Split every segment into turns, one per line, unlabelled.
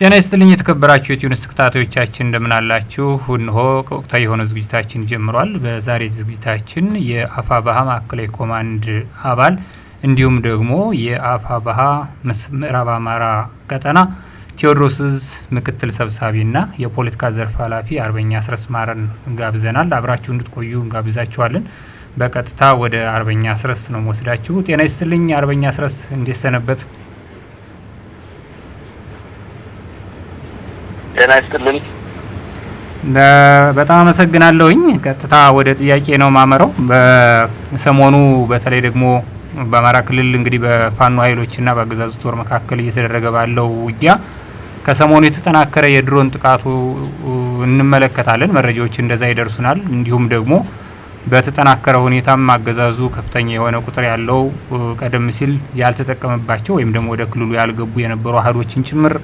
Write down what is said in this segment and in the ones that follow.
ጤና ይስጥልኝ የተከበራችሁ የትዩንስ ተከታታዮቻችን እንደምናላችሁ። እነሆ ከወቅታዊ የሆነ ዝግጅታችን ጀምሯል። በዛሬ ዝግጅታችን የአፋባሃ ማዕከላዊ ኮማንድ አባል እንዲሁም ደግሞ የአፋባሃ ምዕራብ አማራ ቀጠና ቴዎድሮስዝ ምክትል ሰብሳቢና የፖለቲካ ዘርፍ ኃላፊ አርበኛ አስረስ ማረን ጋብዘናል። አብራችሁ እንድትቆዩ እንጋብዛችኋለን። በቀጥታ ወደ አርበኛ አስረስ ነው መወስዳችሁ። ጤና ይስጥልኝ አርበኛ አስረስ፣ እንዴት ሰነበት? ጤና ይስጥልን። በጣም አመሰግናለሁኝ። ቀጥታ ወደ ጥያቄ ነው ማመረው። በሰሞኑ በተለይ ደግሞ በአማራ ክልል እንግዲህ በፋኖ ኃይሎችና በአገዛዙ ጦር መካከል እየተደረገ ባለው ውጊያ ከሰሞኑ የተጠናከረ የድሮን ጥቃቱ እንመለከታለን። መረጃዎች እንደዛ ይደርሱናል። እንዲሁም ደግሞ በተጠናከረ ሁኔታም አገዛዙ ከፍተኛ የሆነ ቁጥር ያለው ቀደም ሲል ያልተጠቀመባቸው ወይም ደግሞ ወደ ክልሉ ያልገቡ የነበሩ አህዶችን ጭምር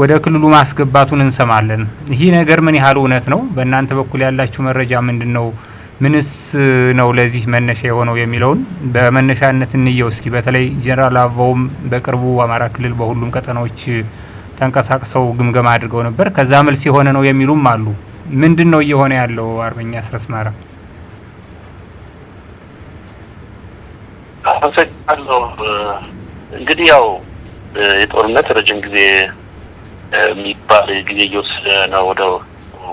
ወደ ክልሉ ማስገባቱን እንሰማለን። ይህ ነገር ምን ያህል እውነት ነው? በእናንተ በኩል ያላችሁ መረጃ ምንድን ነው? ምንስ ነው ለዚህ መነሻ የሆነው የሚለውን በመነሻነት እንየው እስኪ። በተለይ ጀኔራል አበባውም በቅርቡ አማራ ክልል በሁሉም ቀጠናዎች ተንቀሳቅሰው ግምገማ አድርገው ነበር። ከዛ መልስ የሆነ ነው የሚሉም አሉ። ምንድን ነው እየሆነ ያለው? አርበኛ አስረስ
አመሰግናለሁ። እንግዲህ ያው የጦርነት ረጅም ጊዜ የሚባል ጊዜ እየወሰደ ነው። ወደ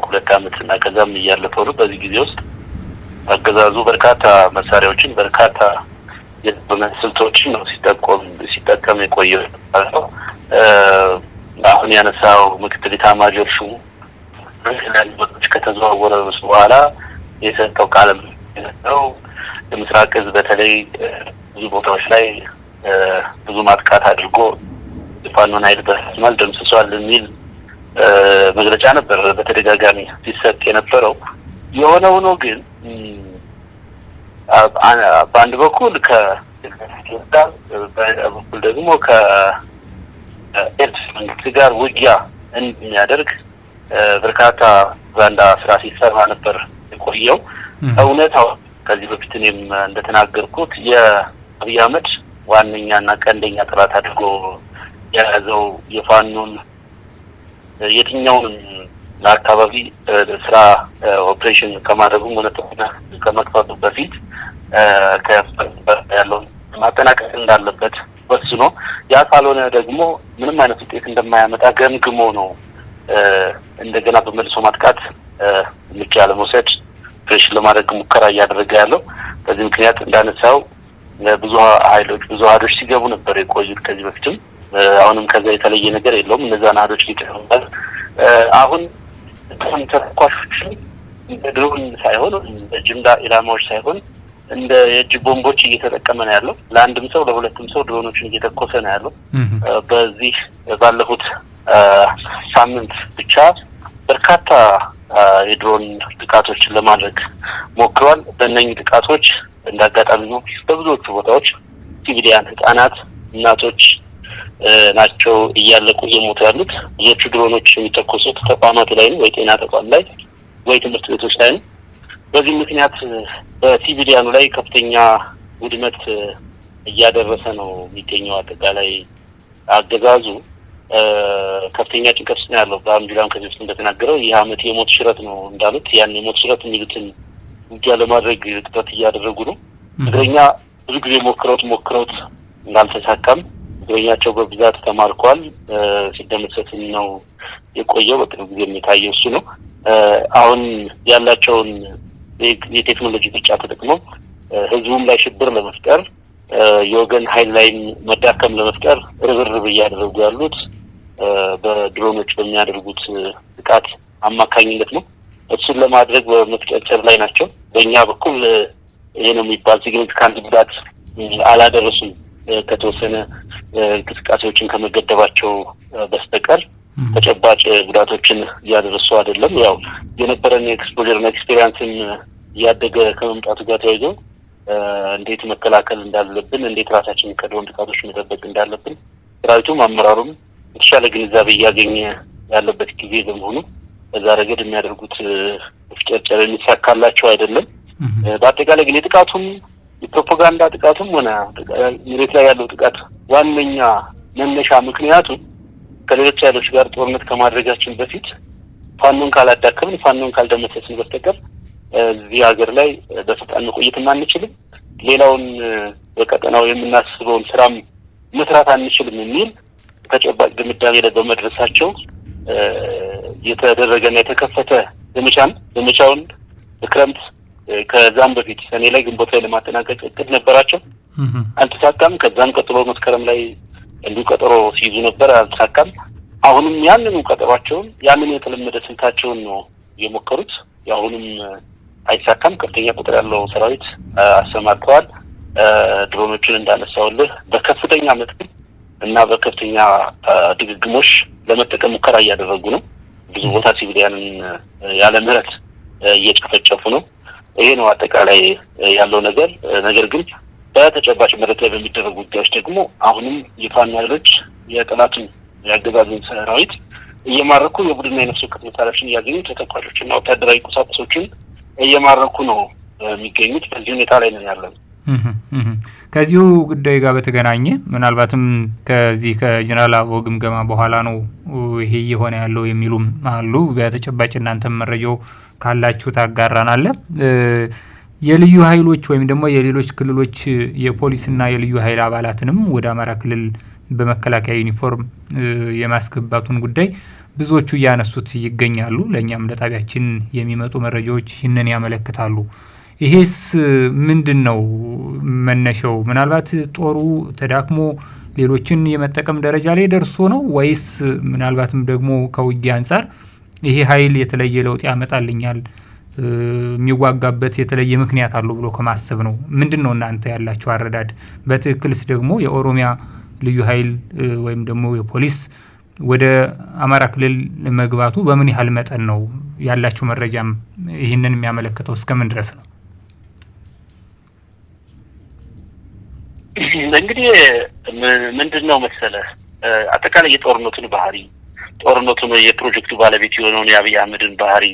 ሁለት አመት እና ከዛም እያለፈው ነው። በዚህ ጊዜ ውስጥ አገዛዙ በርካታ መሳሪያዎችን በርካታ ስልቶችን ነው ሲጠቆም ሲጠቀም የቆየው ነው። አሁን ያነሳው ምክትል ኢታማዦር ሹሙ የተለያዩ ቦታዎች ከተዘዋወረ በኋላ የሰጠው ቃለ ነው። የምስራቅ ህዝብ በተለይ ብዙ ቦታዎች ላይ ብዙ ማጥቃት አድርጎ ፋኖን ኃይል በስማል ደምስሷል የሚል መግለጫ ነበር በተደጋጋሚ ሲሰጥ የነበረው። የሆነ ሆኖ ግን በአንድ በኩል ከኢትዮጵያ በሌላ በኩል ደግሞ ከኤርትራ መንግስት ጋር ውጊያ እንደሚያደርግ በርካታ ዛንዳ ስራ ሲሰራ ነበር የቆየው። እውነታው ከዚህ በፊት እኔም እንደተናገርኩት የአብይ አህመድ ዋነኛና ቀንደኛ ጥላት አድርጎ የያዘው የፋኖን የትኛውንም ለአካባቢ ስራ ኦፕሬሽን ከማድረጉም እውነትና ከመክፈቱ በፊት ያለውን ማጠናቀቅ እንዳለበት ወስኖ ያ ካልሆነ ደግሞ ምንም አይነት ውጤት እንደማያመጣ ገምግሞ ነው እንደገና በመልሶ ማጥቃት እርምጃ ለመውሰድ ኦፕሬሽን ለማድረግ ሙከራ እያደረገ ያለው። በዚህ ምክንያት እንዳነሳው ብዙ ሀይሎች ብዙ ሀዶች ሲገቡ ነበር የቆዩት ከዚህ በፊትም አሁንም ከዛ የተለየ ነገር የለውም። እነዛ ናዶች ሊቀሩበት አሁን ም ተኳሾችን እንደ ድሮን ሳይሆን ጅምላ ኢላማዎች ሳይሆን እንደ የእጅ ቦምቦች እየተጠቀመ ነው ያለው። ለአንድም ሰው ለሁለትም ሰው ድሮኖችን እየተኮሰ ነው ያለው። በዚህ ባለፉት ሳምንት ብቻ በርካታ የድሮን ጥቃቶችን ለማድረግ ሞክሯል። በእነኝህ ጥቃቶች እንደ አጋጣሚ ነው በብዙዎቹ ቦታዎች ሲቪሊያን ህጻናት፣ እናቶች ናቸው እያለቁ እየሞቱ ያሉት። ብዙዎቹ ድሮኖች የሚተኮሱት ተቋማት ላይ ነው ወይ ጤና ተቋም ላይ ወይ ትምህርት ቤቶች ላይ ነው። በዚህ ምክንያት በሲቪሊያኑ ላይ ከፍተኛ ውድመት እያደረሰ ነው የሚገኘው። አጠቃላይ አገዛዙ ከፍተኛ ጭንቀት ውስጥ ነው ያለው። በአምቢላም ከዚህ ውስጥ እንደተናገረው ይህ አመት የሞት ሽረት ነው እንዳሉት ያን የሞት ሽረት የሚሉትን ውጊያ ለማድረግ ጥረት እያደረጉ ነው። ትግረኛ ብዙ ጊዜ ሞክረውት ሞክረውት እንዳልተሳካም በእኛቸው በብዛት ተማርኳል። ሲደመሰስም ነው የቆየው። በቅርብ ጊዜ የሚታየው እሱ ነው። አሁን ያላቸውን የቴክኖሎጂ ብልጫ ተጠቅመው ህዝቡም ላይ ሽብር ለመፍጠር የወገን ኃይል ላይ መዳከም ለመፍጠር ርብርብ እያደረጉ ያሉት በድሮኖች በሚያደርጉት ጥቃት አማካኝነት ነው። እሱን ለማድረግ በመፍጨርጨር ላይ ናቸው። በእኛ በኩል ይሄ ነው የሚባል ሲግኒፊካንት ጉዳት አላደረሱም ከተወሰነ እንቅስቃሴዎችን ከመገደባቸው በስተቀር ተጨባጭ ጉዳቶችን እያደረሱ አይደለም። ያው የነበረን ኤክስፖጀርና ኤክስፔሪንስን እያደገ ከመምጣቱ ጋር ተያይዞ እንዴት መከላከል እንዳለብን፣ እንዴት ራሳችን ከድሮን ጥቃቶች መጠበቅ እንዳለብን ሰራዊቱም አመራሩም የተሻለ ግንዛቤ እያገኘ ያለበት ጊዜ በመሆኑ በዛ ረገድ የሚያደርጉት ፍጨርጨር የሚሳካላቸው አይደለም። በአጠቃላይ ግን የጥቃቱም የፕሮፓጋንዳ ጥቃቱም ሆነ መሬት ላይ ያለው ጥቃት ዋነኛ መነሻ ምክንያቱ ከሌሎች ኃይሎች ጋር ጦርነት ከማድረጋችን በፊት ፋኖን ካላዳከምን ፋኖን ካልደመሰስን በስተቀር እዚህ ሀገር ላይ በስልጣን መቆየት አንችልም፣ ሌላውን በቀጠናው የምናስበውን ስራም መስራት አንችልም የሚል ተጨባጭ ድምዳሜ ላይ በመድረሳቸው የተደረገና የተከፈተ ዘመቻን ዘመቻውን በክረምት ከዛም በፊት ሰኔ ላይ ግንቦት ላይ ለማጠናቀቅ እቅድ ነበራቸው፣ አልተሳካም። ከዛም ቀጥሎ መስከረም ላይ እንዲሁ ቀጠሮ ሲይዙ ነበር፣ አልተሳካም። አሁንም ያንኑ ቀጠሯቸውን ያንኑ የተለመደ ስልታቸውን ነው የሞከሩት። የአሁንም አይሳካም። ከፍተኛ ቁጥር ያለው ሰራዊት አሰማርተዋል። ድሮኖችን እንዳነሳውልህ በከፍተኛ መጠን እና በከፍተኛ ድግግሞሽ ለመጠቀም ሙከራ እያደረጉ ነው። ብዙ ቦታ ሲቪሊያንን ያለ ምህረት እየጨፈጨፉ ነው። ይሄ ነው አጠቃላይ ያለው ነገር። ነገር ግን በተጨባጭ መሬት ላይ በሚደረጉ ውጊያዎች ደግሞ አሁንም የፋኖ ኃይሎች የአገዛዝን ሰራዊት እየማረኩ የቡድንና የነፍስ ወከፍ መሳሪያዎችን እያገኙ ተተኳሾችና ወታደራዊ ቁሳቁሶችን እየማረኩ ነው የሚገኙት። በዚህ ሁኔታ ላይ ነው ያለን።
ከዚሁ ጉዳይ ጋር በተገናኘ ምናልባትም ከዚህ ከጀኔራል አበባው ግምገማ በኋላ ነው ይሄ እየሆነ ያለው የሚሉም አሉ። በተጨባጭ እናንተም መረጃው ካላችሁ ታጋራናለህ። የልዩ ኃይሎች ወይም ደግሞ የሌሎች ክልሎች የፖሊስና የልዩ ኃይል አባላትንም ወደ አማራ ክልል በመከላከያ ዩኒፎርም የማስገባቱን ጉዳይ ብዙዎቹ እያነሱት ይገኛሉ። ለእኛም ለጣቢያችን የሚመጡ መረጃዎች ይህንን ያመለክታሉ። ይሄስ ምንድን ነው መነሻው? ምናልባት ጦሩ ተዳክሞ ሌሎችን የመጠቀም ደረጃ ላይ ደርሶ ነው ወይስ ምናልባትም ደግሞ ከውጊያ አንጻር ይሄ ኃይል የተለየ ለውጥ ያመጣልኛል የሚዋጋበት የተለየ ምክንያት አለው ብሎ ከማሰብ ነው። ምንድን ነው እናንተ ያላችሁ አረዳድ? በትክክልስ ደግሞ የኦሮሚያ ልዩ ኃይል ወይም ደግሞ የፖሊስ ወደ አማራ ክልል መግባቱ በምን ያህል መጠን ነው ያላችሁ መረጃም ይህንን የሚያመለክተው እስከምን ድረስ ነው?
እንግዲህ ምንድን ነው መሰለህ አጠቃላይ የጦርነቱን ባህሪ ጦርነቱን የፕሮጀክቱ ባለቤት የሆነውን የአብይ አህመድን ባህሪ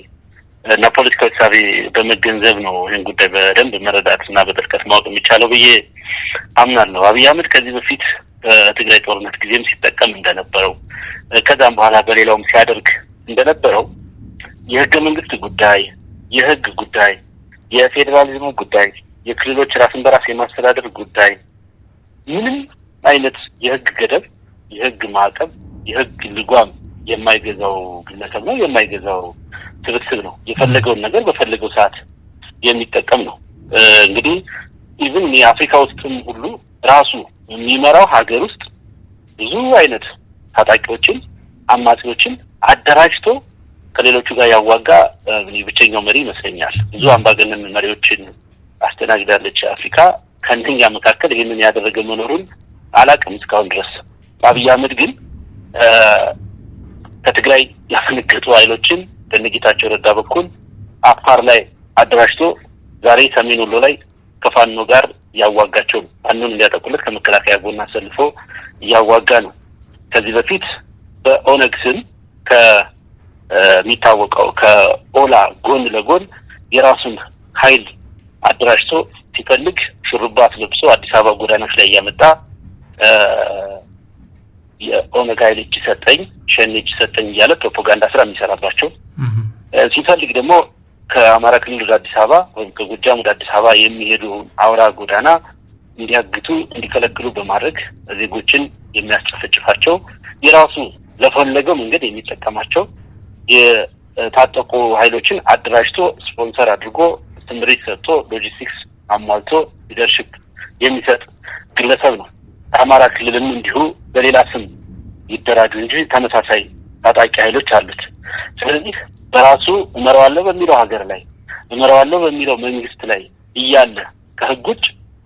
እና ፖለቲካዊ ሳቤ በመገንዘብ ነው ይህን ጉዳይ በደንብ መረዳት እና በጥልቀት ማወቅ የሚቻለው ብዬ አምናለሁ። አብይ አህመድ ከዚህ በፊት በትግራይ ጦርነት ጊዜም ሲጠቀም እንደነበረው ከዛም በኋላ በሌላውም ሲያደርግ እንደነበረው የህገ መንግስት ጉዳይ፣ የህግ ጉዳይ፣ የፌዴራሊዝሙ ጉዳይ፣ የክልሎች ራስን በራስ የማስተዳደር ጉዳይ ምንም አይነት የህግ ገደብ፣ የህግ ማዕቀብ፣ የህግ ልጓም የማይገዛው ግለሰብ ነው፣ የማይገዛው ስብስብ ነው። የፈለገውን ነገር በፈለገው ሰዓት የሚጠቀም ነው። እንግዲህ ኢቭን የአፍሪካ ውስጥም ሁሉ ራሱ የሚመራው ሀገር ውስጥ ብዙ አይነት ታጣቂዎችን፣ አማጺዎችን አደራጅቶ ከሌሎቹ ጋር ያዋጋ ብቸኛው መሪ ይመስለኛል። ብዙ አምባገነን መሪዎችን አስተናግዳለች አፍሪካ። ከእንደኛ መካከል ይህንን ያደረገ መኖሩን አላውቅም እስካሁን ድረስ። አብይ አህመድ ግን ከትግራይ ያፈነገጡ ኃይሎችን በጌታቸው ረዳ በኩል አፋር ላይ አደራጅቶ ዛሬ ሰሜን ወሎ ላይ ከፋኖ ጋር እያዋጋቸው ፋኖን እንዲያጠቁለት ከመከላከያ ጎን አሰልፎ እያዋጋ ነው። ከዚህ በፊት በኦነግ ስም ከሚታወቀው ከኦላ ጎን ለጎን የራሱን ኃይል አደራጅቶ ሲፈልግ ሹርባት ለብሶ አዲስ አበባ ጎዳናዎች ላይ እያመጣ የኦነግ ኃይል እጅ ሰጠኝ፣ ሸኔ እጅ ሰጠኝ እያለ ፕሮፓጋንዳ ስራ የሚሰራባቸው ሲፈልግ ደግሞ ከአማራ ክልል ወደ አዲስ አበባ ወይም ከጎጃም ወደ አዲስ አበባ የሚሄዱ አውራ ጎዳና እንዲያግቱ እንዲከለክሉ በማድረግ ዜጎችን የሚያስጨፈጭፋቸው የራሱ ለፈለገው መንገድ የሚጠቀማቸው የታጠቁ ኃይሎችን አደራጅቶ ስፖንሰር አድርጎ ስምሪት ሰጥቶ ሎጂስቲክስ አሟልቶ ሊደርሽፕ የሚሰጥ ግለሰብ ነው። ከአማራ ክልልም እንዲሁ በሌላ ስም ይደራጁ እንጂ ተመሳሳይ ታጣቂ ኃይሎች አሉት። ስለዚህ በራሱ እመራዋለሁ በሚለው ሀገር ላይ እመራዋለሁ በሚለው መንግስት ላይ እያለ ከህግ ውጭ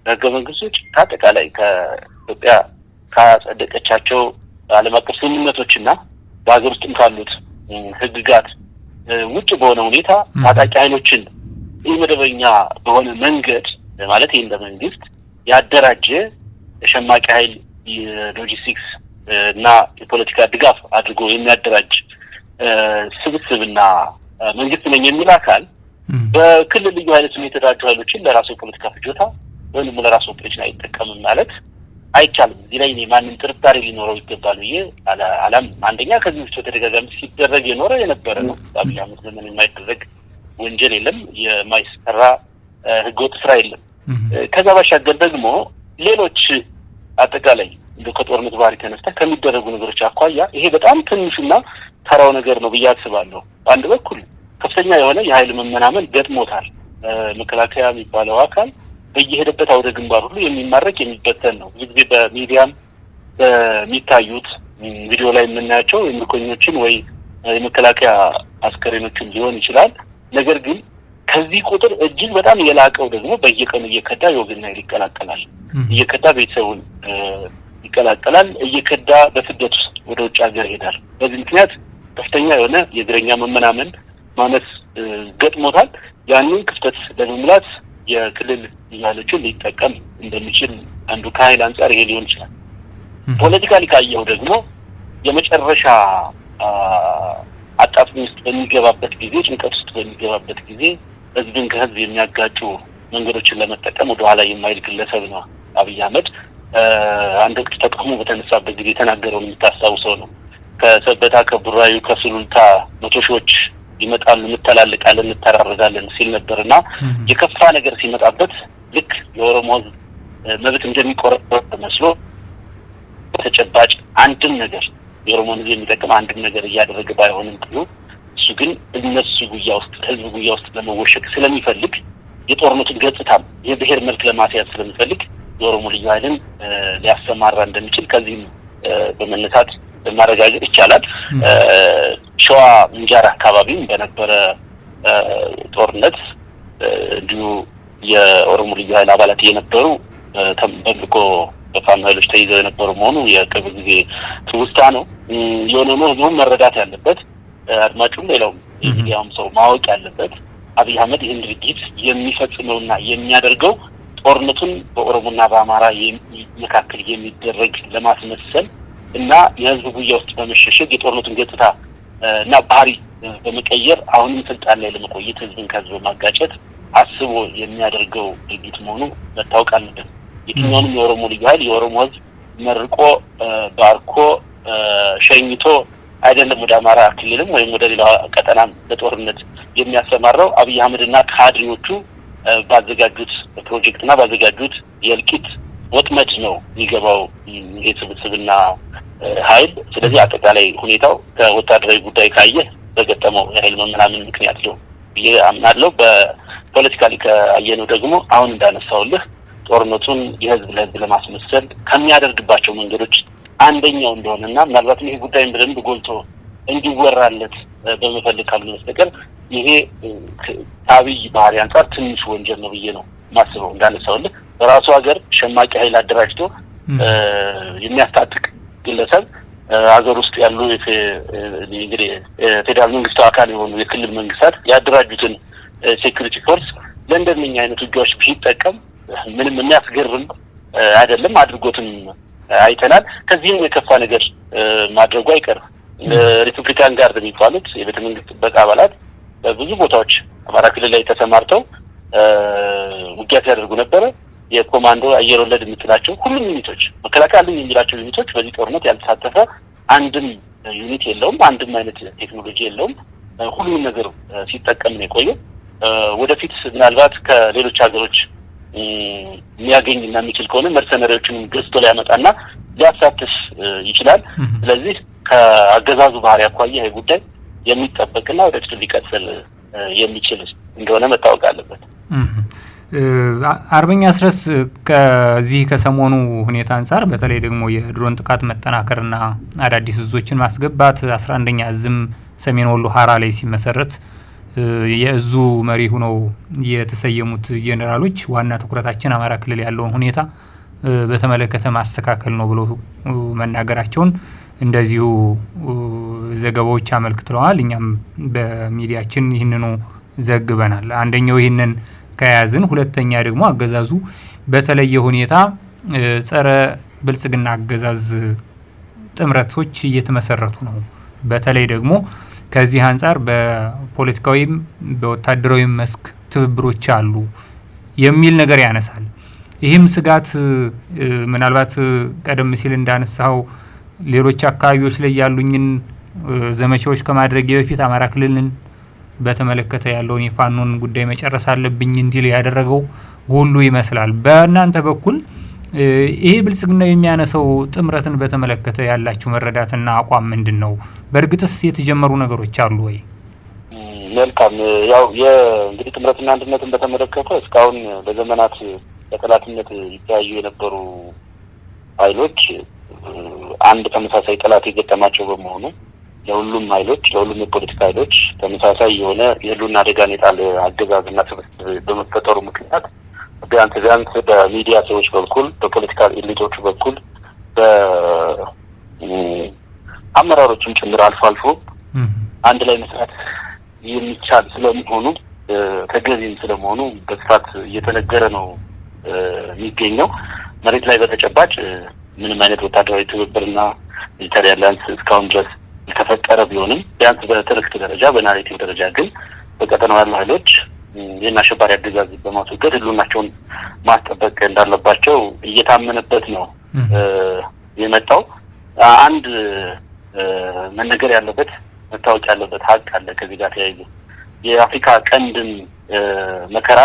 ከህገ መንግስት ውጭ ከአጠቃላይ ከኢትዮጵያ ካጸደቀቻቸው ዓለም አቀፍ ስምምነቶችና በሀገር ውስጥም ካሉት ህግጋት ውጭ በሆነ ሁኔታ ታጣቂ ኃይሎችን መደበኛ በሆነ መንገድ ማለት ይህን እንደ ያደራጀ ተሸማቂ ኃይል የሎጂስቲክስ እና የፖለቲካ ድጋፍ አድርጎ የሚያደራጅ ስብስብና መንግስት ነኝ የሚል አካል በክልል ልዩ ኃይሎች የተደራጁ ሀይሎችን ለራሱ የፖለቲካ ፍጆታ ወይም ለራሱ ኦፕሬሽን አይጠቀምም ማለት አይቻልም። እዚህ ላይ ማንም ጥርጣሬ ሊኖረው ይገባል ብዬ አላምንም። አንደኛ ከዚህ በፊት በተደጋጋሚ ሲደረግ የኖረ የነበረ ነው። በአብይ አህመድ ዘመን የማይደረግ ወንጀል የለም፣ የማይሰራ ህገወጥ ስራ የለም። ከዛ ባሻገር ደግሞ ሌሎች አጠቃላይ ከጦርነት ባህሪ ተነስታ ከሚደረጉ ነገሮች አኳያ ይሄ በጣም ትንሹና ተራው ነገር ነው ብዬ አስባለሁ። በአንድ በኩል ከፍተኛ የሆነ የኃይል መመናመን ገጥሞታል። መከላከያ የሚባለው አካል በየሄደበት አውደ ግንባር ሁሉ የሚማረክ የሚበተን ነው። ብዙ ጊዜ በሚዲያም በሚታዩት ቪዲዮ ላይ የምናያቸው የምርኮኞችን ወይ የመከላከያ አስከሬኖችን ሊሆን ይችላል። ነገር ግን ከዚህ ቁጥር እጅግ በጣም የላቀው ደግሞ በየቀኑ እየከዳ የወገና ይቀላቀላል። እየከዳ ቤተሰቡን ይቀላቀላል። እየከዳ በስደት ውስጥ ወደ ውጭ ሀገር ይሄዳል። በዚህ ምክንያት ከፍተኛ የሆነ የእግረኛ መመናመን ማነስ ገጥሞታል። ያንን ክፍተት ለመሙላት የክልል ያለችን ሊጠቀም እንደሚችል አንዱ ከሀይል አንጻር ይሄ ሊሆን ይችላል። ፖለቲካሊ ካየው ደግሞ የመጨረሻ አጣጥሚ ውስጥ በሚገባበት ጊዜ ጭንቀት ውስጥ በሚገባበት ጊዜ ህዝብን ከህዝብ የሚያጋጩ መንገዶችን ለመጠቀም ወደኋላ የማይል ግለሰብ ነው አብይ አህመድ። አንድ ወቅት ተቃውሞ በተነሳበት ጊዜ የተናገረውን የምታስታውሰው ነው። ከሰበታ ከቡራዩ ከሱሉልታ መቶ ሺዎች ይመጣሉ፣ እንተላልቃለን፣ እንተራረዳለን ሲል ነበር እና የከፋ ነገር ሲመጣበት ልክ የኦሮሞ ህዝብ መብት እንደሚቆረጥ መስሎ ተጨባጭ አንድም ነገር የኦሮሞን ህዝብ የሚጠቅም አንድም ነገር እያደረገ ባይሆንም ቅሉ ግን እነሱ ጉያ ውስጥ ህዝብ ጉያ ውስጥ ለመወሸቅ ስለሚፈልግ የጦርነቱን ገጽታም የብሔር መልክ ለማስያዝ ስለሚፈልግ የኦሮሞ ልዩ ኃይልን ሊያሰማራ እንደሚችል ከዚህም በመነሳት ማረጋገጥ ይቻላል። ሸዋ እንጃር አካባቢም በነበረ ጦርነት እንዲሁ የኦሮሞ ልዩ ኃይል አባላት የነበሩ በምልኮ በፋኖ ኃይሎች ተይዘው የነበሩ መሆኑ የቅርብ ጊዜ ትውስታ ነው። የሆነ ነው። ህዝቡም መረዳት ያለበት አድማጩም ሌላውም ሚዲያውም ሰው ማወቅ ያለበት አብይ አህመድ ይህን ድርጊት የሚፈጽመውና የሚያደርገው ጦርነቱን በኦሮሞና በአማራ መካከል የሚደረግ ለማስመሰል እና የህዝብ ጉያ ውስጥ በመሸሸግ የጦርነቱን ገጽታ እና ባህሪ በመቀየር አሁንም ስልጣን ላይ ለመቆየት ህዝብን ከህዝብ በማጋጨት አስቦ የሚያደርገው ድርጊት መሆኑ መታወቅ አለበት። የትኛውንም የኦሮሞ ልዩ ኃይል የኦሮሞ ህዝብ መርቆ ባርኮ ሸኝቶ አይደለም ወደ አማራ ክልልም ወይም ወደ ሌላ ቀጠናም በጦርነት የሚያሰማራው አብይ አህመድና ካድሬዎቹ ባዘጋጁት ፕሮጀክትና ባዘጋጁት የእልቂት ወጥመድ ነው የሚገባው የስብስብና ኃይል። ስለዚህ አጠቃላይ ሁኔታው ከወታደራዊ ጉዳይ ካየ በገጠመው የሀይል መመናመን ምክንያት ነው ብዬ አምናለሁ። በፖለቲካሊ ካየነው ደግሞ አሁን እንዳነሳውልህ ጦርነቱን የህዝብ ለህዝብ ለማስመሰል ከሚያደርግባቸው መንገዶች አንደኛው እንደሆነ እና ምናልባትም ይሄ ጉዳይ በደንብ ጎልቶ እንዲወራለት በመፈልግ ካልሆነ በስተቀር ይሄ ከአብይ ባህሪ አንጻር ትንሽ ወንጀል ነው ብዬ ነው ማስበው። እንዳነሳውልህ በራሱ ሀገር ሸማቂ ኃይል አደራጅቶ የሚያስታጥቅ ግለሰብ ሀገር ውስጥ ያሉ እንግዲህ ፌዴራል መንግስቱ አካል የሆኑ የክልል መንግስታት ያደራጁትን ሴኩሪቲ ፎርስ ለእንደነኛ አይነት ውጊያዎች ቢጠቀም ምንም የሚያስገርም አይደለም አድርጎትም አይተናል። ከዚህም የከፋ ነገር ማድረጉ አይቀርም። ሪፑብሊካን ጋርድ የሚባሉት የቤተ መንግስት ጥበቃ አባላት በብዙ ቦታዎች አማራ ክልል ላይ ተሰማርተው ውጊያ ሲያደርጉ ነበረ። የኮማንዶ አየር ወለድ የምትላቸው ሁሉም ዩኒቶች መከላከያ አለኝ የሚላቸው ዩኒቶች በዚህ ጦርነት ያልተሳተፈ አንድም ዩኒት የለውም። አንድም አይነት ቴክኖሎጂ የለውም። ሁሉም ነገር ሲጠቀም ነው የቆየው። ወደፊት ምናልባት ከሌሎች ሀገሮች ሊያገኝና የሚችል ከሆነ መርሰመሪዎችንም ገዝቶ ሊያመጣና ሊያሳትፍ ይችላል። ስለዚህ ከአገዛዙ ባህሪ አኳያ ይህ ጉዳይ የሚጠበቅና ወደፊት ሊቀጥል የሚችል እንደሆነ መታወቅ አለበት።
አርበኛ ስረስ ከዚህ ከሰሞኑ ሁኔታ አንጻር በተለይ ደግሞ የድሮን ጥቃት መጠናከርና አዳዲስ እዞችን ማስገባት አስራ አንደኛ እዝም ሰሜን ወሎ ሀራ ላይ ሲመሰረት የእዙ መሪ ሆነው የተሰየሙት ጄኔራሎች ዋና ትኩረታችን አማራ ክልል ያለውን ሁኔታ በተመለከተ ማስተካከል ነው ብሎ መናገራቸውን እንደዚሁ ዘገባዎች አመልክተዋል። እኛም በሚዲያችን ይህንኑ ዘግበናል። አንደኛው ይህንን ከያዝን፣ ሁለተኛ ደግሞ አገዛዙ በተለየ ሁኔታ ጸረ ብልጽግና አገዛዝ ጥምረቶች እየተመሰረቱ ነው። በተለይ ደግሞ ከዚህ አንጻር በፖለቲካዊም በወታደራዊ መስክ ትብብሮች አሉ የሚል ነገር ያነሳል። ይህም ስጋት ምናልባት ቀደም ሲል እንዳነሳው ሌሎች አካባቢዎች ላይ ያሉኝን ዘመቻዎች ከማድረግ በፊት አማራ ክልልን በተመለከተ ያለውን የፋኖን ጉዳይ መጨረስ አለብኝ እንዲል ያደረገው ሁሉ ይመስላል። በእናንተ በኩል ይሄ ብልጽግና የሚያነሰው ጥምረትን በተመለከተ ያላችሁ መረዳትና አቋም ምንድን ነው? በእርግጥስ የተጀመሩ ነገሮች አሉ ወይ?
መልካም ያው የእንግዲህ ጥምረትና አንድነትን በተመለከተ እስካሁን በዘመናት በጠላትነት ይተያዩ የነበሩ ኃይሎች አንድ ተመሳሳይ ጠላት የገጠማቸው በመሆኑ ለሁሉም ኃይሎች ለሁሉም የፖለቲካ ኃይሎች ተመሳሳይ የሆነ የህልውና አደጋን የጣለ አገዛዝና ስብስብ በመፈጠሩ ምክንያት ቢያንስ ቢያንስ በሚዲያ ሰዎች በኩል በፖለቲካል ኤሊቶች በኩል በአመራሮችም ጭምር አልፎ አልፎ አንድ ላይ መስራት የሚቻል ስለመሆኑ ተገቢም ስለመሆኑ በስፋት እየተነገረ ነው የሚገኘው። መሬት ላይ በተጨባጭ ምንም አይነት ወታደራዊ ትብብርና ሚሊታሪ አላያንስ እስካሁን ድረስ የተፈጠረ ቢሆንም ቢያንስ በትርክት ደረጃ በናሬቲቭ ደረጃ ግን በቀጠናው ያሉ ኃይሎች ይህን አሸባሪ አገዛዝ በማስወገድ ህልውናቸውን ማስጠበቅ እንዳለባቸው እየታመነበት ነው የመጣው። አንድ መነገር ያለበት መታወቅ ያለበት ሀቅ አለ። ከዚህ ጋር ተያይዞ የአፍሪካ ቀንድን መከራ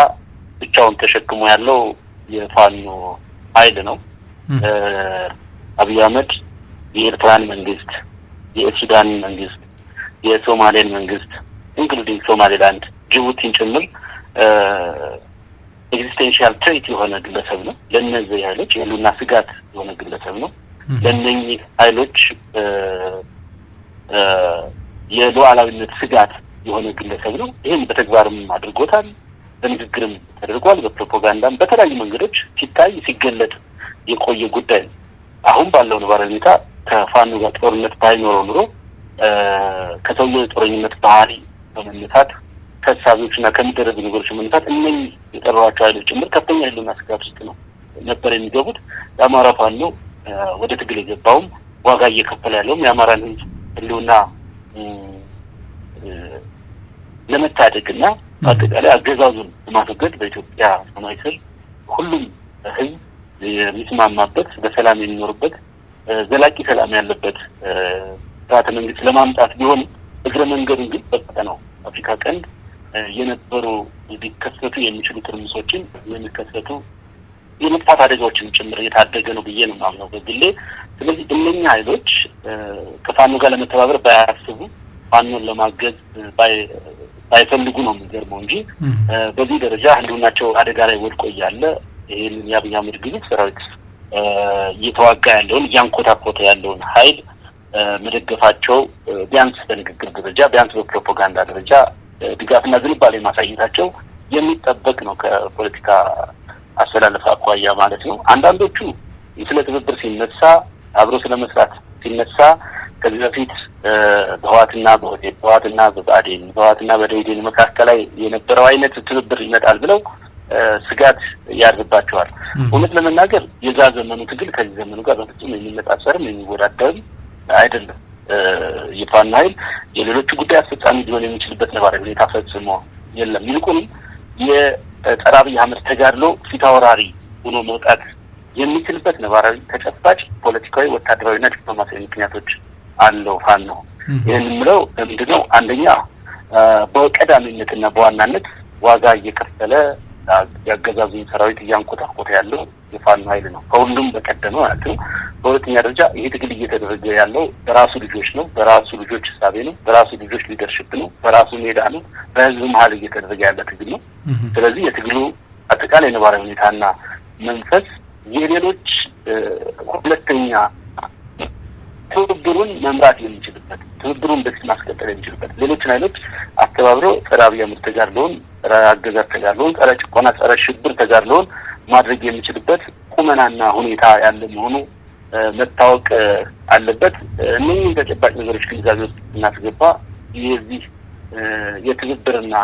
ብቻውን ተሸክሞ ያለው የፋኖ ኃይል ነው። አብይ አህመድ የኤርትራን መንግስት፣ የሱዳን መንግስት፣ የሶማሌን መንግስት ኢንክሉዲንግ ሶማሌላንድ ጅቡቲን ጭምር ኤግዚስቴንሻል ትሬት የሆነ ግለሰብ ነው። ለእነዚህ ኃይሎች የህልውና ስጋት የሆነ ግለሰብ ነው። ለእነኚህ ኃይሎች የሉዓላዊነት ስጋት የሆነ ግለሰብ ነው። ይህም በተግባርም አድርጎታል። በንግግርም ተደርጓል። በፕሮፓጋንዳም በተለያዩ መንገዶች ሲታይ ሲገለጥ የቆየ ጉዳይ ነው። አሁን ባለው ነባራዊ ሁኔታ ከፋኖ ጋር ጦርነት ባይኖረው ኑሮ ከሰውየ ጦረኝነት ባህሪ በመነሳት እና ከሚደረጉ ነገሮች በመነሳት እነኚህ የጠሯቸው ኃይሎች ጭምር ከፍተኛ ህልና ስጋት ውስጥ ነው ነበር የሚገቡት። የአማራ ፋኖ ወደ ትግል የገባውም ዋጋ እየከፈለ ያለውም የአማራን ህዝብ ህልውና ለመታደግና አጠቃላይ አገዛዙን ለማስወገድ በኢትዮጵያ ሰማይ ስር ሁሉም ህዝብ የሚስማማበት በሰላም የሚኖርበት ዘላቂ ሰላም ያለበት ስርዓተ መንግስት ለማምጣት ቢሆንም እግረ መንገዱ ግን ነው አፍሪካ ቀንድ የነበሩ ሊከሰቱ የሚችሉ ትርምሶችን የሚከሰቱ የመጥፋት አደጋዎችን ጭምር እየታደገ ነው ብዬ ነው ማምነው በግሌ። ስለዚህ እነኛ ኃይሎች ከፋኖ ጋር ለመተባበር ባያስቡ ፋኖን ለማገዝ ባይፈልጉ ነው የሚገርመው እንጂ በዚህ ደረጃ ህልውናቸው አደጋ ላይ ወድቆ እያለ ይህንን የአብይ አህመድ ግዙፍ ሰራዊት እየተዋጋ ያለውን እያንኮታኮተ ያለውን ኃይል መደገፋቸው ቢያንስ በንግግር ደረጃ ቢያንስ በፕሮፓጋንዳ ደረጃ ድጋፍና ዝንባሌ ማሳየታቸው የሚጠበቅ ነው ከፖለቲካ አስተላለፍ አኳያ ማለት ነው። አንዳንዶቹ ስለ ትብብር ሲነሳ አብሮ ስለ መስራት ሲነሳ ከዚህ በፊት በህዋትና በኦህዴድ በህዋትና በብአዴን በህዋትና በደኢህዴን መካከል ላይ የነበረው አይነት ትብብር ይመጣል ብለው ስጋት ያድርባቸዋል። እውነት ለመናገር የዛ ዘመኑ ትግል ከዚህ ዘመኑ ጋር በፍጹም የሚመጣሰርም የሚወዳደርም አይደለም። የፋኖ ኃይል የሌሎቹ ጉዳይ አስፈጻሚ ሊሆን የሚችልበት ነባራዊ ሁኔታ ፈጽሞ የለም። ይልቁን የጸረ አብይ አህመድ ተጋድሎ ፊት አውራሪ ሆኖ መውጣት የሚችልበት ነባራዊ ተጨባጭ ፖለቲካዊ፣ ወታደራዊና ዲፕሎማሲያዊ ምክንያቶች አለው። ፋኖ ይህን የምለው ምንድን ነው? አንደኛ በቀዳሚነትና በዋናነት ዋጋ እየከፈለ ያገዛዙን ሰራዊት እያንኮታኮተ ያለው የፋኖ ኃይል ነው። ከሁሉም በቀደመ ማለት ነው በሁለተኛ ደረጃ ይሄ ትግል እየተደረገ ያለው በራሱ ልጆች ነው፣ በራሱ ልጆች ህሳቤ ነው፣ በራሱ ልጆች ሊደርሽፕ ነው፣ በራሱ ሜዳ ነው፣ በህዝብ መሀል እየተደረገ ያለ ትግል ነው። ስለዚህ የትግሉ አጠቃላይ ነባራዊ ሁኔታና መንፈስ የሌሎች ሁለተኛ ትብብሩን መምራት የሚችልበት ትብብሩን በፊት ማስቀጠል የሚችልበት ሌሎችን ኃይሎች አስተባብሮ ጸረ አብይ አህመድ ተጋድሎውን፣ ጸረ አገዛዝ ተጋድሎውን፣ ጸረ ጭቆና፣ ጸረ ሽብር ተጋድሎውን ማድረግ የሚችልበት ቁመናና ሁኔታ ያለ መሆኑ መታወቅ አለበት። እነኝህን ተጨባጭ ነገሮች ግንዛቤ ውስጥ እናስገባ የዚህ የትብብርና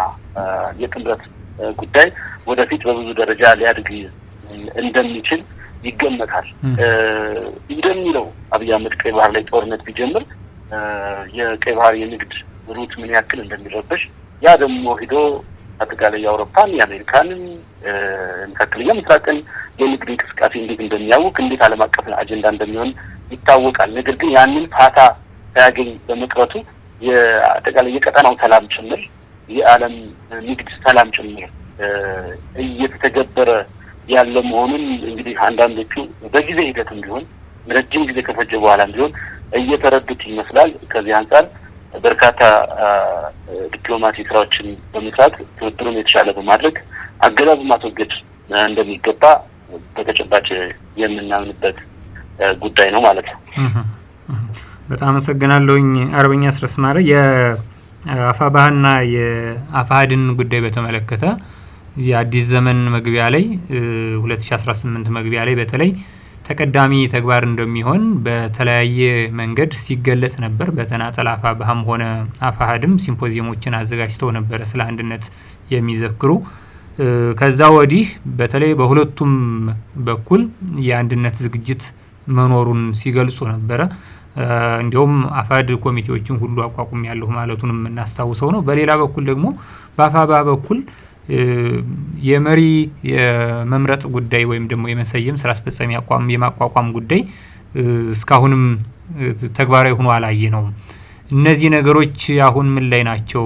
የጥምረት ጉዳይ ወደፊት በብዙ ደረጃ ሊያድግ እንደሚችል ይገመታል። እንደሚለው አብይ አህመድ ቀይ ባህር ላይ ጦርነት ቢጀምር የቀይ ባህር የንግድ ሩት ምን ያክል እንደሚረበሽ ያ ደግሞ ሂዶ አጠቃላይ የአውሮፓን የአሜሪካንን መካከለኛ ምስራቅን የንግድ እንቅስቃሴ እንዴት እንደሚያውቅ እንዴት ዓለም አቀፍ አጀንዳ እንደሚሆን ይታወቃል። ነገር ግን ያንን ፋታ ሳያገኝ በመቅረቱ የአጠቃላይ የቀጠናው ሰላም ጭምር የዓለም ንግድ ሰላም ጭምር እየተተገበረ ያለ መሆኑን እንግዲህ አንዳንዶቹ በጊዜ ሂደትም ቢሆን ረጅም ጊዜ ከፈጀ በኋላም ቢሆን እየተረዱት ይመስላል። ከዚህ አንጻር በርካታ ዲፕሎማሲ ስራዎችን በመስራት ትብብሩን የተሻለ በማድረግ አገዛዙ ማስወገድ እንደሚገባ በተጨባጭ የምናምንበት ጉዳይ ነው ማለት ነው።
በጣም አመሰግናለሁኝ አርበኛ አስረስ ማረ። የአፋባህና የአፋሀድን ጉዳይ በተመለከተ የአዲስ ዘመን መግቢያ ላይ 2018 መግቢያ ላይ በተለይ ተቀዳሚ ተግባር እንደሚሆን በተለያየ መንገድ ሲገለጽ ነበር። በተናጠል አፋብኃም ሆነ አፋሕድም ሲምፖዚየሞችን አዘጋጅተው ነበረ ስለ አንድነት የሚዘክሩ። ከዛ ወዲህ በተለይ በሁለቱም በኩል የአንድነት ዝግጅት መኖሩን ሲገልጹ ነበረ። እንዲሁም አፋድ ኮሚቴዎችን ሁሉ አቋቁም ያለሁ ማለቱን የምናስታውሰው ነው። በሌላ በኩል ደግሞ በአፋብኃ በኩል የመሪ የመምረጥ ጉዳይ ወይም ደግሞ የመሰየም ስራ አስፈጻሚ አቋም የማቋቋም ጉዳይ እስካሁንም ተግባራዊ ሆኖ አላየ ነው። እነዚህ ነገሮች አሁን ምን ላይ ናቸው?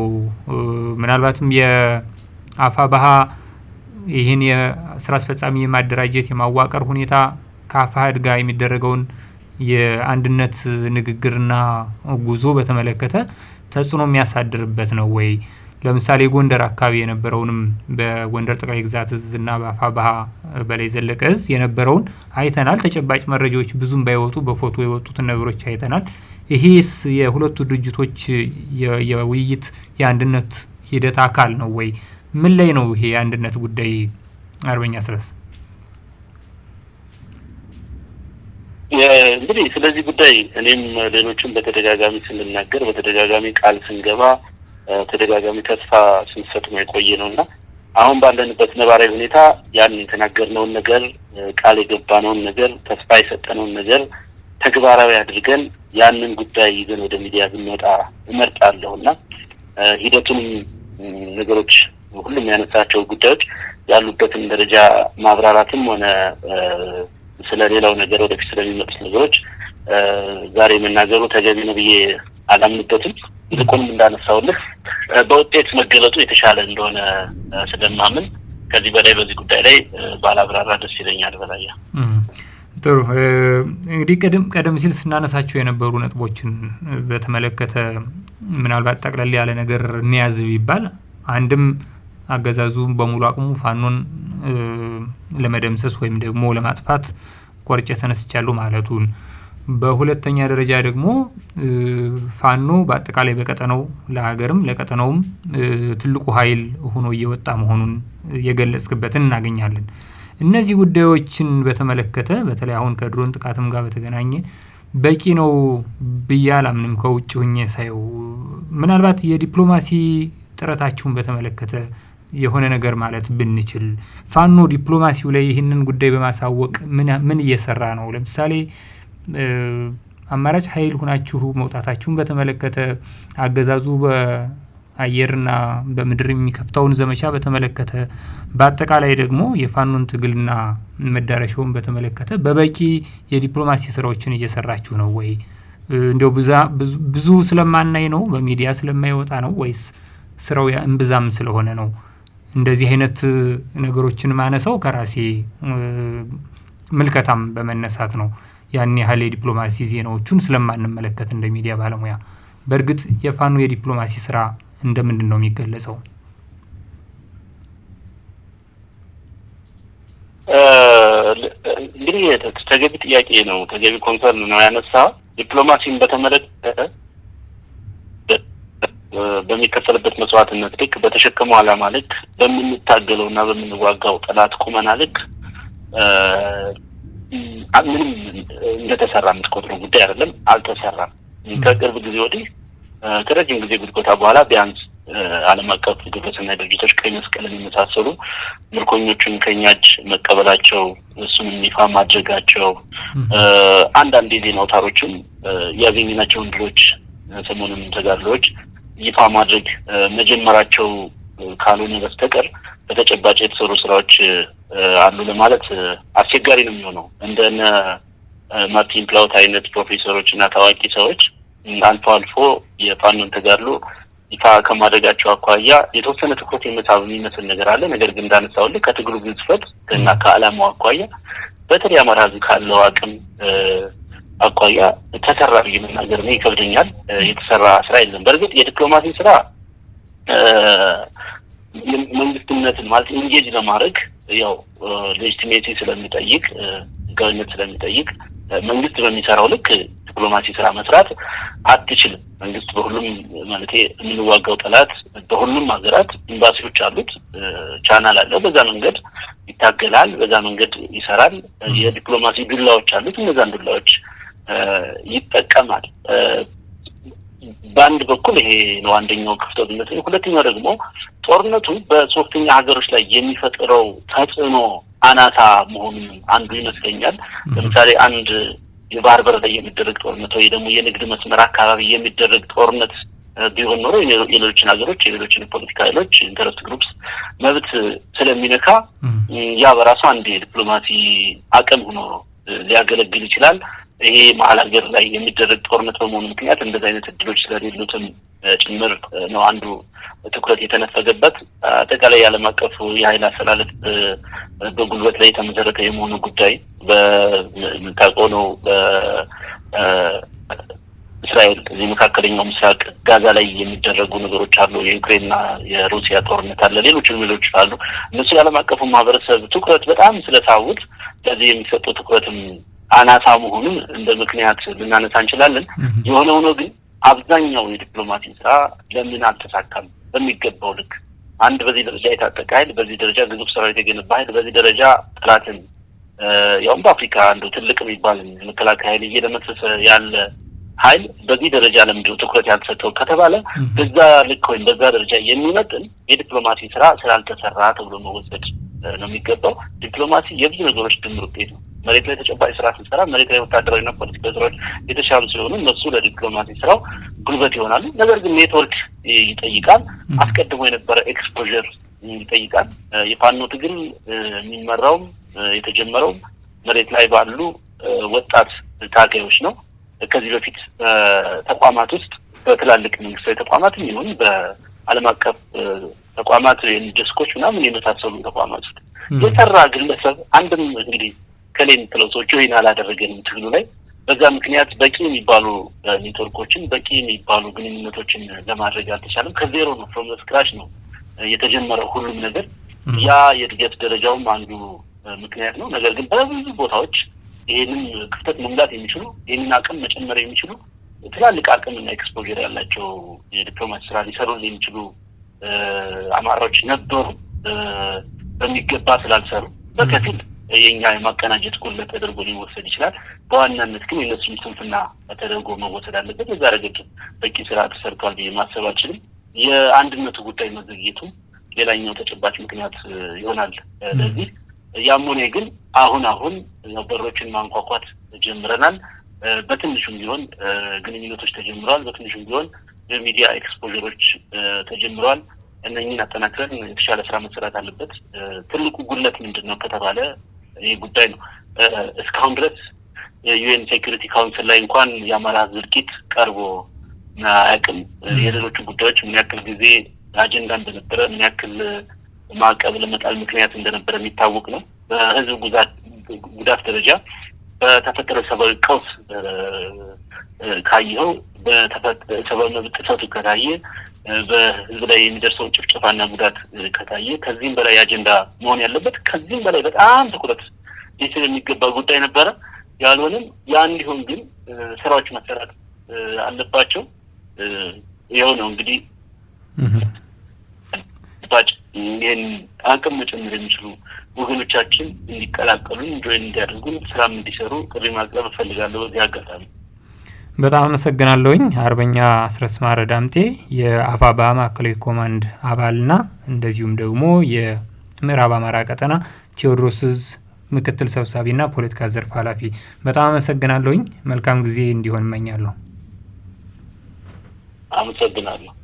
ምናልባትም የአፋ ባሃ ይህን የስራ አስፈጻሚ የማደራጀት የማዋቀር ሁኔታ ከአፋህድ ጋር የሚደረገውን የአንድነት ንግግርና ጉዞ በተመለከተ ተጽዕኖ የሚያሳድርበት ነው ወይ? ለምሳሌ ጎንደር አካባቢ የነበረውንም በጎንደር ጠቅላይ ግዛት እዝና በአፋብኃ በላይ ዘለቀ እዝ የነበረውን አይተናል። ተጨባጭ መረጃዎች ብዙም ባይወጡ በፎቶ የወጡትን ነገሮች አይተናል። ይሄስ የሁለቱ ድርጅቶች የውይይት የአንድነት ሂደት አካል ነው ወይ? ምን ላይ ነው ይሄ የአንድነት ጉዳይ? አርበኛ ስረስ
እንግዲህ ስለዚህ ጉዳይ እኔም ሌሎችም በተደጋጋሚ ስንናገር በተደጋጋሚ ቃል ስንገባ ተደጋጋሚ ተስፋ ስንሰጥ ነው የቆየ ነው እና አሁን ባለንበት ነባራዊ ሁኔታ ያን የተናገርነውን ነገር ቃል የገባነውን ነገር ተስፋ የሰጠነውን ነገር ተግባራዊ አድርገን ያንን ጉዳይ ይዘን ወደ ሚዲያ ብንወጣ እመርጣለሁ እና ሂደቱንም ነገሮች ሁሉም ያነሳቸው ጉዳዮች ያሉበትን ደረጃ ማብራራትም ሆነ ስለ ሌላው ነገር ወደፊት ስለሚመጡት ነገሮች ዛሬ መናገሩ ተገቢ ነው ብዬ አላምንበትም። ይልቁንም እንዳነሳውልህ በውጤት መገለጡ የተሻለ እንደሆነ ስለማምን ከዚህ በላይ በዚህ ጉዳይ ላይ ባላብራራ ደስ ይለኛል። በላያ
ጥሩ እንግዲህ ቀደም ቀደም ሲል ስናነሳቸው የነበሩ ነጥቦችን በተመለከተ ምናልባት ጠቅለል ያለ ነገር እንያዝ ቢባል አንድም አገዛዙ በሙሉ አቅሙ ፋኖን ለመደምሰስ ወይም ደግሞ ለማጥፋት ቆርጬ ተነስቻለሁ ማለቱን በሁለተኛ ደረጃ ደግሞ ፋኖ በአጠቃላይ በቀጠናው ለሀገርም ለቀጠናውም ትልቁ ኃይል ሆኖ እየወጣ መሆኑን የገለጽክበትን እናገኛለን። እነዚህ ጉዳዮችን በተመለከተ በተለይ አሁን ከድሮን ጥቃትም ጋር በተገናኘ በቂ ነው ብዬ አላምንም። ከውጭ ሁኜ ሳየው ምናልባት የዲፕሎማሲ ጥረታችሁን በተመለከተ የሆነ ነገር ማለት ብንችል ፋኖ ዲፕሎማሲው ላይ ይህንን ጉዳይ በማሳወቅ ምን እየሰራ ነው? ለምሳሌ አማራጭ ኃይል ሆናችሁ መውጣታችሁን በተመለከተ አገዛዙ በአየርና በምድር የሚከፍተውን ዘመቻ በተመለከተ በአጠቃላይ ደግሞ የፋኖን ትግልና መዳረሻውን በተመለከተ በበቂ የዲፕሎማሲ ስራዎችን እየሰራችሁ ነው ወይ? እንዲያው ብዙ ስለማናይ ነው በሚዲያ ስለማይወጣ ነው ወይስ ስራው እምብዛም ስለሆነ ነው? እንደዚህ አይነት ነገሮችን ማነሳው ከራሴ ምልከታም በመነሳት ነው። ያን ያህል የዲፕሎማሲ ዜናዎቹን ስለማንመለከት እንደ ሚዲያ ባለሙያ በእርግጥ የፋኖ የዲፕሎማሲ ስራ እንደምንድን ነው የሚገለጸው?
እንግዲህ ተገቢ ጥያቄ ነው፣ ተገቢ ኮንሰርን ነው ያነሳ። ዲፕሎማሲን በተመለከተ በሚከፈልበት መስዋዕትነት ልክ በተሸከመው ዓላማ ልክ በምንታገለው እና በምንዋጋው ጠላት ቁመና ልክ ምንም እንደተሰራ የምትቆጥረው ጉዳይ አይደለም። አልተሰራም። ከቅርብ ጊዜ ወዲህ ከረጅም ጊዜ ጉድቆታ በኋላ ቢያንስ ዓለም አቀፍ ግብረሰናይ ድርጅቶች ቀይ መስቀልን የመሳሰሉ ምርኮኞቹን ከኛ እጅ መቀበላቸው እሱንም ይፋ ማድረጋቸው አንዳንድ የዜና አውታሮችም ያገኘናቸውን ድሎች ሰሞኑንም ተጋድሎዎች ይፋ ማድረግ መጀመራቸው ካልሆነ በስተቀር በተጨባጭ የተሰሩ ስራዎች አሉ ለማለት አስቸጋሪ ነው የሚሆነው። እንደነ ማርቲን ፕላውት አይነት ፕሮፌሰሮች እና ታዋቂ ሰዎች አልፎ አልፎ የፋኖን ተጋድሎ ይፋ ከማድረጋቸው አኳያ የተወሰነ ትኩረት የመሳብ የሚመስል ነገር አለ። ነገር ግን እንዳነሳሁልህ ከትግሉ ግዝፈት እና ከዓላማው አኳያ በተለይ አማራ ህዝብ ካለው አቅም አኳያ ተሰራ ብዬ መናገር ነው ይከብደኛል። የተሰራ ስራ የለም። በእርግጥ የዲፕሎማሲ ስራ መንግስትነትን ማለት ኢንጌጅ ለማድረግ ያው ሌጅቲሜቲ ስለሚጠይቅ ህጋዊነት ስለሚጠይቅ መንግስት በሚሰራው ልክ ዲፕሎማሲ ስራ መስራት አትችልም። መንግስት በሁሉም ማለት የምንዋጋው ጠላት በሁሉም ሀገራት ኤምባሲዎች አሉት፣ ቻናል አለው። በዛ መንገድ ይታገላል፣ በዛ መንገድ ይሰራል። የዲፕሎማሲ ዱላዎች አሉት፣ እነዛን ዱላዎች ይጠቀማል። በአንድ በኩል ይሄ ነው አንደኛው ክፍተት። ሁለተኛው ደግሞ ጦርነቱ በሶስተኛ ሀገሮች ላይ የሚፈጥረው ተጽዕኖ አናሳ መሆኑን አንዱ ይመስለኛል። ለምሳሌ አንድ የባህር በር ላይ የሚደረግ ጦርነት ወይ ደግሞ የንግድ መስመር አካባቢ የሚደረግ ጦርነት ቢሆን ኖሮ የሌሎችን ሀገሮች የሌሎችን ፖለቲካ ኃይሎች ኢንተረስት ግሩፕስ መብት ስለሚነካ ያ በራሱ አንድ የዲፕሎማሲ አቅም ሆኖ ሊያገለግል ይችላል። ይሄ መሀል ሀገር ላይ የሚደረግ ጦርነት በመሆኑ ምክንያት እንደዚህ አይነት እድሎች ስለሌሉትም ጭምር ነው አንዱ ትኩረት የተነፈገበት። አጠቃላይ የዓለም አቀፉ የሀይል አሰላለፍ በጉልበት ላይ የተመሰረተ የመሆኑ ጉዳይ በምታውቀው ነው። በእስራኤል እዚህ መካከለኛው ምስራቅ ጋዛ ላይ የሚደረጉ ነገሮች አሉ። የዩክሬንና የሩሲያ ጦርነት አለ። ሌሎች ሌሎች አሉ። እነሱ የዓለም አቀፉ ማህበረሰብ ትኩረት በጣም ስለሳቡት ለዚህ የሚሰጡ ትኩረትም አናሳ መሆኑን እንደ ምክንያት ልናነሳ እንችላለን። የሆነ ሆኖ ግን አብዛኛው የዲፕሎማሲ ስራ ለምን አልተሳካም በሚገባው ልክ አንድ በዚህ ደረጃ የታጠቀ ኃይል፣ በዚህ ደረጃ ግዙፍ ሰራዊት የገነባ ኃይል፣ በዚህ ደረጃ ጠላትን ያውም በአፍሪካ አንዱ ትልቅ የሚባል መከላከያ ኃይል እየደመሰሰ ያለ ኃይል በዚህ ደረጃ ለምንድነው ትኩረት ያልተሰጠው ከተባለ በዛ ልክ ወይም በዛ ደረጃ የሚመጥን የዲፕሎማሲ ስራ ስላልተሰራ ተብሎ መወሰድ ነው የሚገባው። ዲፕሎማሲ የብዙ ነገሮች ድምር ውጤት ነው። መሬት ላይ ተጨባጭ ስራ ስንሰራ መሬት ላይ ወታደራዊና ፖለቲካ ስራዎች የተሻሉ ስለሆኑ እነሱ ለዲፕሎማሲ ስራው ጉልበት ይሆናሉ። ነገር ግን ኔትወርክ ይጠይቃል። አስቀድሞ የነበረ ኤክስፖዥር ይጠይቃል። የፋኖ ትግል የሚመራውም የተጀመረውም መሬት ላይ ባሉ ወጣት ታጋዮች ነው። ከዚህ በፊት ተቋማት ውስጥ በትላልቅ መንግስታዊ ተቋማት ይሁን በዓለም አቀፍ ተቋማት ዴስኮች ምናምን የመሳሰሉ ተቋማት ውስጥ የሰራ ግለሰብ አንድም እንግዲህ ከሌ የምትለው ሰዎች ይህን አላደረገንም ትግሉ ላይ በዛ ምክንያት በቂ የሚባሉ ኔትወርኮችን በቂ የሚባሉ ግንኙነቶችን ለማድረግ አልተቻለም። ከዜሮ ነው ፍሮም ስክራች ነው የተጀመረው ሁሉም ነገር። ያ የእድገት ደረጃውም አንዱ ምክንያት ነው። ነገር ግን በብዙ ቦታዎች ይህንን ክፍተት መሙላት የሚችሉ ይህንን አቅም መጨመር የሚችሉ ትላልቅ አቅምና ኤክስፖዥር ያላቸው የዲፕሎማሲ ስራ ሊሰሩ የሚችሉ አማራዎች ነበሩ፣ በሚገባ ስላልሰሩ በከፊል የኛ የማቀናጀት ጉድለት ተደርጎ ሊወሰድ ይችላል። በዋናነት ግን የነሱ ስንፍና ተደርጎ መወሰድ አለበት። በዛ ረገድ በቂ ስራ ተሰርቷል ብዬ ማሰባችንም የአንድነቱ ጉዳይ መዘግየቱም ሌላኛው ተጨባጭ ምክንያት ይሆናል። ስለዚህ ያሞኔ ግን አሁን አሁን በሮችን ማንኳኳት ጀምረናል። በትንሹም ቢሆን ግንኙነቶች ተጀምረዋል። በትንሹም ቢሆን በሚዲያ ኤክስፖሮች ተጀምረዋል። እነኝን አጠናክረን የተሻለ ስራ መሰራት አለበት። ትልቁ ጉድለት ምንድን ነው ከተባለ ይህ ጉዳይ ነው። እስካሁን ድረስ የዩኤን ሴኩሪቲ ካውንስል ላይ እንኳን የአማራ ሕዝብ ቀርቦ አያውቅም። የሌሎቹ ጉዳዮች ምን ያክል ጊዜ አጀንዳ እንደነበረ፣ ምን ያክል ማዕቀብ ለመጣል ምክንያት እንደነበረ የሚታወቅ ነው። በህዝብ ጉዳት ደረጃ በተፈጠረ ሰብአዊ ቀውስ ካየኸው፣ በሰብአዊ መብት ጥሰቱ ከታየ በህዝብ ላይ የሚደርሰውን ጭፍጨፋና ጉዳት ከታየ ከዚህም በላይ አጀንዳ መሆን ያለበት ከዚህም በላይ በጣም ትኩረት ሊስብ የሚገባ ጉዳይ ነበረ። ያልሆንም ያ እንዲሆን ግን ስራዎች መሰራት አለባቸው። ይኸው ነው እንግዲህ ባጭ ይህን አቅም መጨመር የሚችሉ ወገኖቻችን እንዲቀላቀሉን፣ ጆይን እንዲያደርጉን፣ ስራም እንዲሰሩ ጥሪ ማቅረብ እፈልጋለሁ በዚህ አጋጣሚ
በጣም አመሰግናለሁኝ አርበኛ አስረስ ማረ ዳምጤ የአፋባ ማዕከላዊ ኮማንድ አባልና እንደዚሁም ደግሞ የምዕራብ አማራ ቀጠና ቴዎድሮስዝ ምክትል ሰብሳቢና ፖለቲካ ዘርፍ ኃላፊ። በጣም አመሰግናለሁኝ። መልካም ጊዜ እንዲሆን እመኛለሁ። አመሰግናለሁ።